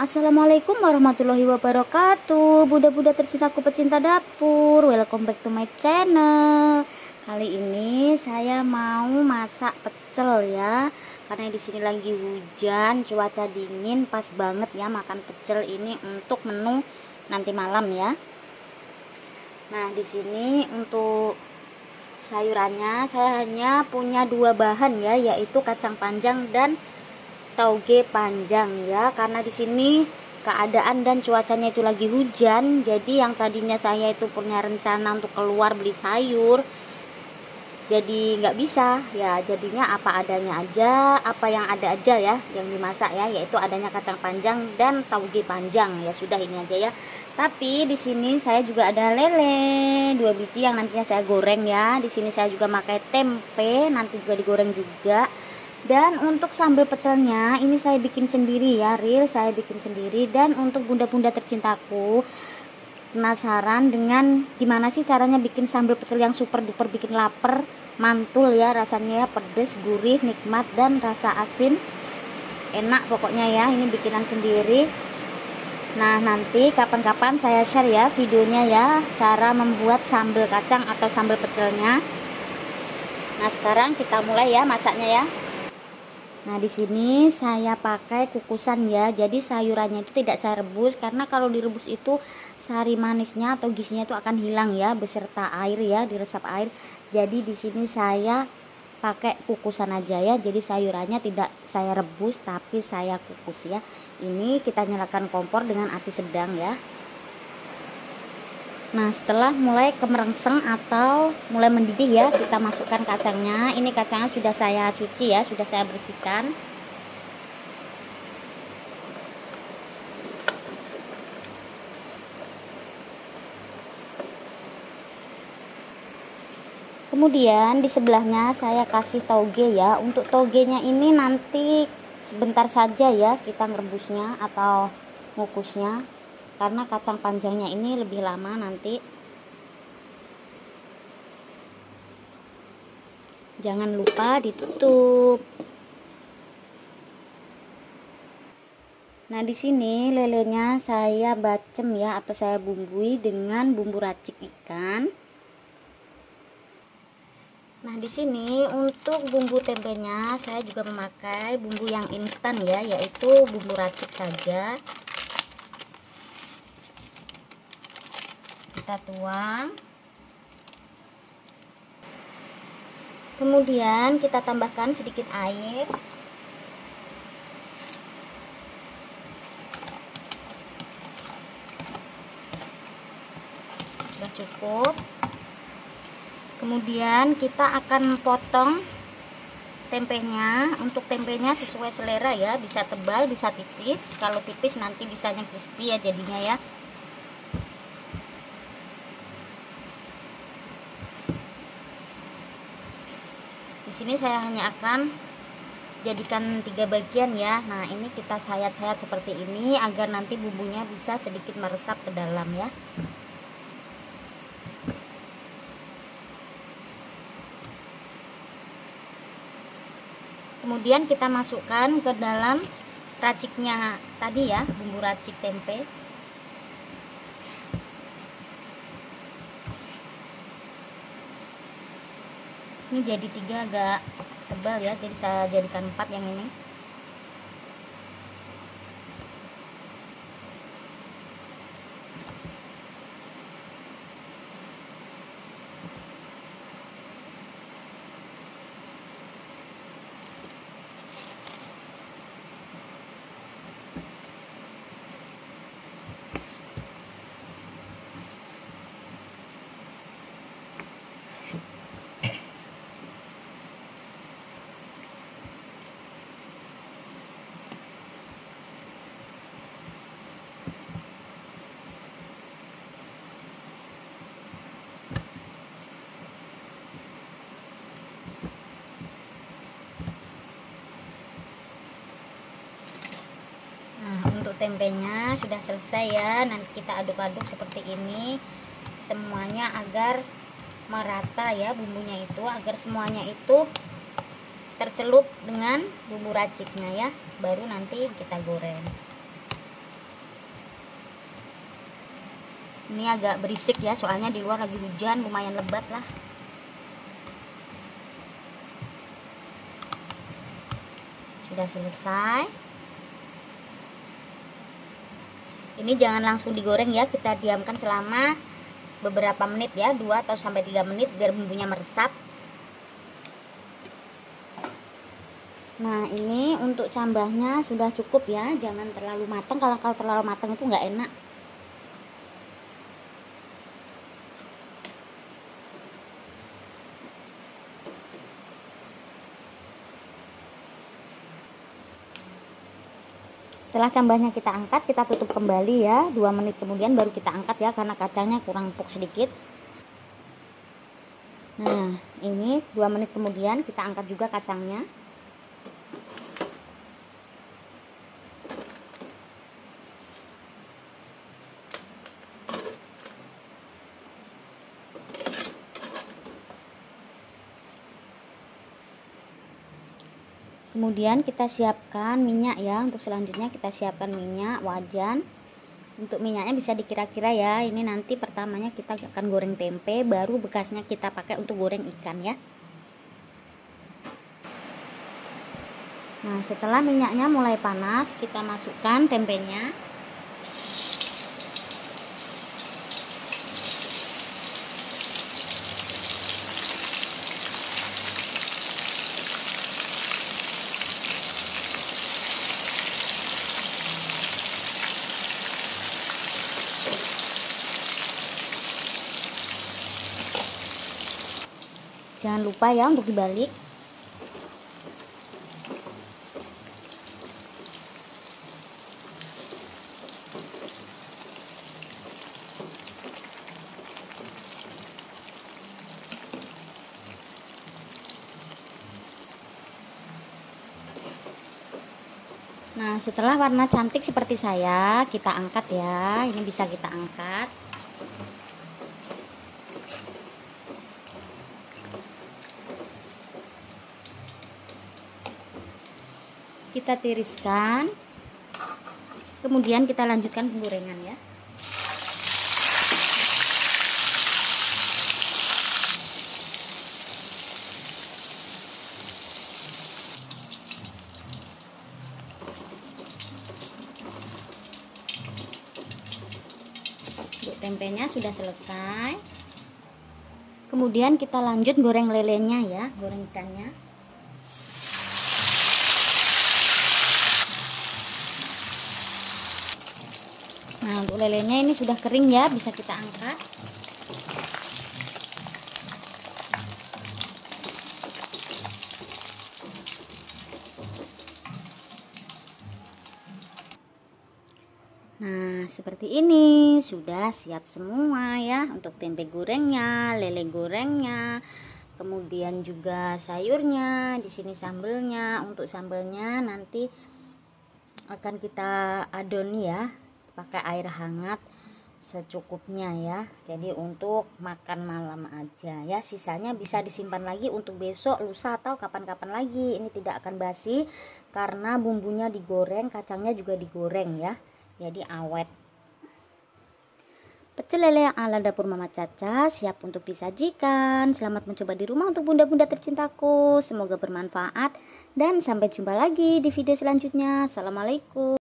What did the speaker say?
Assalamualaikum warahmatullahi wabarakatuh Bunda-bunda tercintaku pecinta dapur Welcome back to my channel Kali ini saya mau masak pecel ya Karena di sini lagi hujan Cuaca dingin Pas banget ya makan pecel ini Untuk menu nanti malam ya Nah di sini untuk sayurannya Saya hanya punya dua bahan ya Yaitu kacang panjang dan atau panjang ya karena di sini keadaan dan cuacanya itu lagi hujan jadi yang tadinya saya itu punya rencana untuk keluar beli sayur jadi nggak bisa ya jadinya apa adanya aja apa yang ada aja ya yang dimasak ya yaitu adanya kacang panjang dan tauge panjang ya sudah ini aja ya tapi di sini saya juga ada lele dua biji yang nantinya saya goreng ya di sini saya juga pakai tempe nanti juga digoreng juga dan untuk sambal pecelnya ini saya bikin sendiri ya real saya bikin sendiri dan untuk bunda-bunda tercintaku penasaran dengan gimana sih caranya bikin sambal pecel yang super duper bikin lapar mantul ya rasanya ya pedes gurih nikmat dan rasa asin enak pokoknya ya ini bikinan sendiri nah nanti kapan-kapan saya share ya videonya ya cara membuat sambal kacang atau sambal pecelnya nah sekarang kita mulai ya masaknya ya Nah, di sini saya pakai kukusan ya. Jadi sayurannya itu tidak saya rebus karena kalau direbus itu sari manisnya atau gizinya itu akan hilang ya beserta air ya, diresap air. Jadi di sini saya pakai kukusan aja ya. Jadi sayurannya tidak saya rebus tapi saya kukus ya. Ini kita nyalakan kompor dengan api sedang ya. Nah setelah mulai kemerengseng atau mulai mendidih ya kita masukkan kacangnya Ini kacangnya sudah saya cuci ya sudah saya bersihkan Kemudian di sebelahnya saya kasih toge ya. Untuk togenya ini nanti sebentar saja ya kita ngerebusnya atau ngukusnya karena kacang panjangnya ini lebih lama nanti jangan lupa ditutup nah di sini lelenya saya bacem ya atau saya bumbui dengan bumbu racik ikan Nah, di sini untuk bumbu tempenya saya juga memakai bumbu yang instan ya, yaitu bumbu racik saja. kita tuang kemudian kita tambahkan sedikit air sudah cukup kemudian kita akan potong tempenya untuk tempenya sesuai selera ya bisa tebal bisa tipis kalau tipis nanti yang crispy ya jadinya ya sini saya hanya akan jadikan tiga bagian ya nah ini kita sayat-sayat seperti ini agar nanti bumbunya bisa sedikit meresap ke dalam ya kemudian kita masukkan ke dalam raciknya tadi ya bumbu racik tempe ini jadi tiga agak tebal ya jadi saya jadikan empat yang ini tempenya sudah selesai ya nanti kita aduk-aduk seperti ini semuanya agar merata ya bumbunya itu agar semuanya itu tercelup dengan bumbu raciknya ya baru nanti kita goreng ini agak berisik ya soalnya di luar lagi hujan lumayan lebat lah sudah selesai ini jangan langsung digoreng ya kita diamkan selama beberapa menit ya 2 atau sampai 3 menit biar bumbunya meresap nah ini untuk cambahnya sudah cukup ya jangan terlalu matang kalau kalau terlalu matang itu nggak enak Setelah cambahnya kita angkat, kita tutup kembali ya. dua menit kemudian baru kita angkat ya karena kacangnya kurang empuk sedikit. Nah, ini dua menit kemudian kita angkat juga kacangnya. kemudian kita siapkan minyak ya untuk selanjutnya kita siapkan minyak wajan untuk minyaknya bisa dikira-kira ya ini nanti pertamanya kita akan goreng tempe baru bekasnya kita pakai untuk goreng ikan ya nah setelah minyaknya mulai panas kita masukkan tempenya jangan lupa ya untuk dibalik Nah, setelah warna cantik seperti saya, kita angkat ya. Ini bisa kita angkat. kita tiriskan kemudian kita lanjutkan penggorengan ya Untuk tempenya sudah selesai kemudian kita lanjut goreng lelenya ya goreng ikannya Nah, untuk lelenya ini sudah kering ya, bisa kita angkat. Nah, seperti ini sudah siap semua ya untuk tempe gorengnya, lele gorengnya, kemudian juga sayurnya, di sini sambelnya. Untuk sambelnya nanti akan kita adon ya pakai air hangat secukupnya ya jadi untuk makan malam aja ya sisanya bisa disimpan lagi untuk besok lusa atau kapan-kapan lagi ini tidak akan basi karena bumbunya digoreng kacangnya juga digoreng ya jadi awet pecel lele yang ala dapur mama caca siap untuk disajikan selamat mencoba di rumah untuk bunda-bunda tercintaku semoga bermanfaat dan sampai jumpa lagi di video selanjutnya assalamualaikum